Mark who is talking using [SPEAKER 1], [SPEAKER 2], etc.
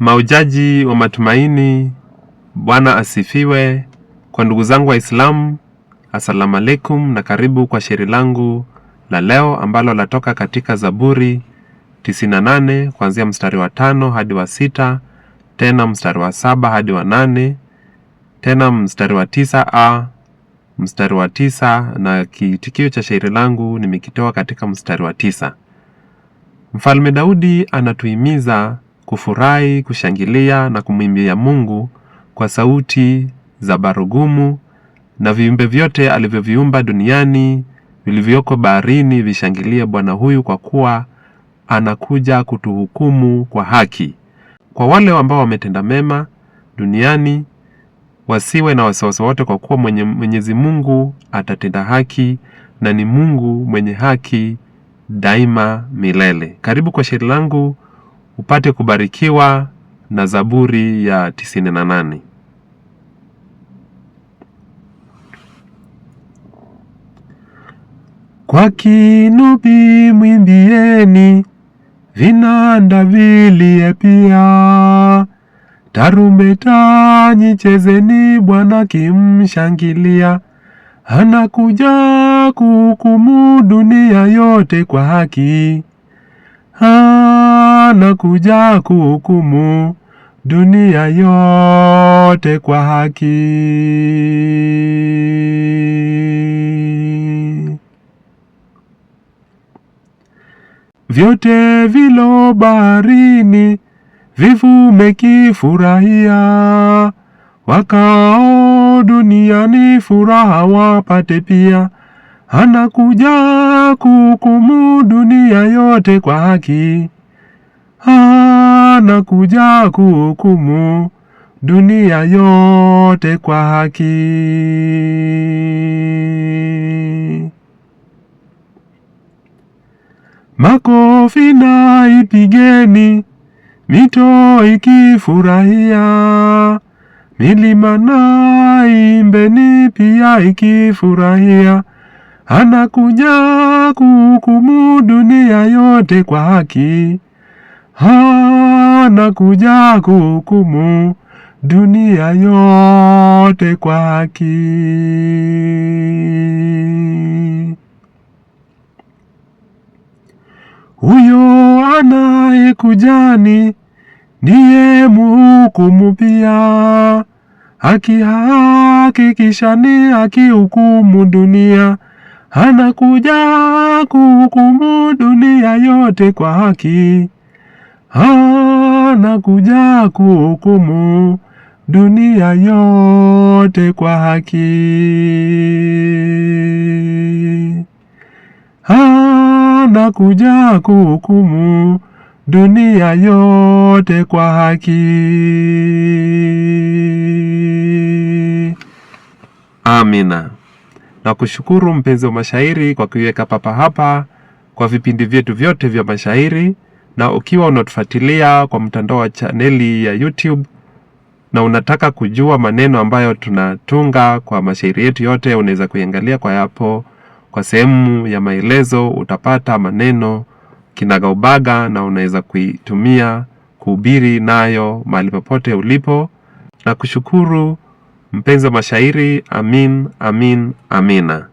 [SPEAKER 1] Maujaji wa matumaini, Bwana asifiwe. Kwa ndugu zangu Waislamu, assalamu alaikum, na karibu kwa shairi langu la leo ambalo latoka katika Zaburi 98 kuanzia mstari wa tano hadi wa sita, tena mstari wa saba hadi wa nane, tena mstari wa tisa a mstari wa tisa, na kiitikio cha shairi langu nimekitoa katika mstari wa tisa. Mfalme Daudi anatuhimiza kufurahi, kushangilia na kumwimbia Mungu kwa sauti za barugumu na viumbe vyote alivyoviumba duniani vilivyoko baharini vishangilie Bwana huyu kwa kuwa anakuja kutuhukumu kwa haki. Kwa wale ambao wametenda mema duniani wasiwe na wasiwasi wote, kwa kuwa mwenye Mwenyezi Mungu atatenda haki na ni Mungu mwenye haki daima milele. Karibu kwa shairi langu upate kubarikiwa na Zaburi ya tisini na nane.
[SPEAKER 2] Kwa kinubi mwimbieni, vinanda vilie pia, tarumbeta nyichezeni, Bwana kimshangilia. Anakuja kuhukumu dunia yote kwa haki anakuja kuhukumu dunia yote kwa haki. Vyote vilo baharini vivume kifurahia, wakao duniani furaha wapate pia. Anakuja kuhukumu dunia yote kwa haki anakuja kuhukumu dunia yote kwa haki. Makofi na ipigeni, mito ikifurahia, milima na imbeni pia ikifurahia. Anakuja kuhukumu dunia yote kwa haki anakuja kuhukumu dunia yote kwa haki. Huyo anayekujani ndiye mhukumu pia, ni akihukumu dunia, anakuja kuhukumu dunia yote kwa haki anakuja kuhukumu dunia yote kwa haki. Anakuja kuhukumu dunia yote kwa haki.
[SPEAKER 1] Amina. Nakushukuru mpenzi wa mashairi kwa kuiweka Papa hapa kwa vipindi vyetu vyote vya mashairi na ukiwa unatufuatilia kwa mtandao wa chaneli ya YouTube na unataka kujua maneno ambayo tunatunga kwa mashairi yetu yote, unaweza kuiangalia kwa hapo. Kwa sehemu ya maelezo utapata maneno kinagaubaga na unaweza kuitumia kuhubiri nayo mahali popote ulipo, na kushukuru mpenzi wa mashairi. Amin, amin, amina.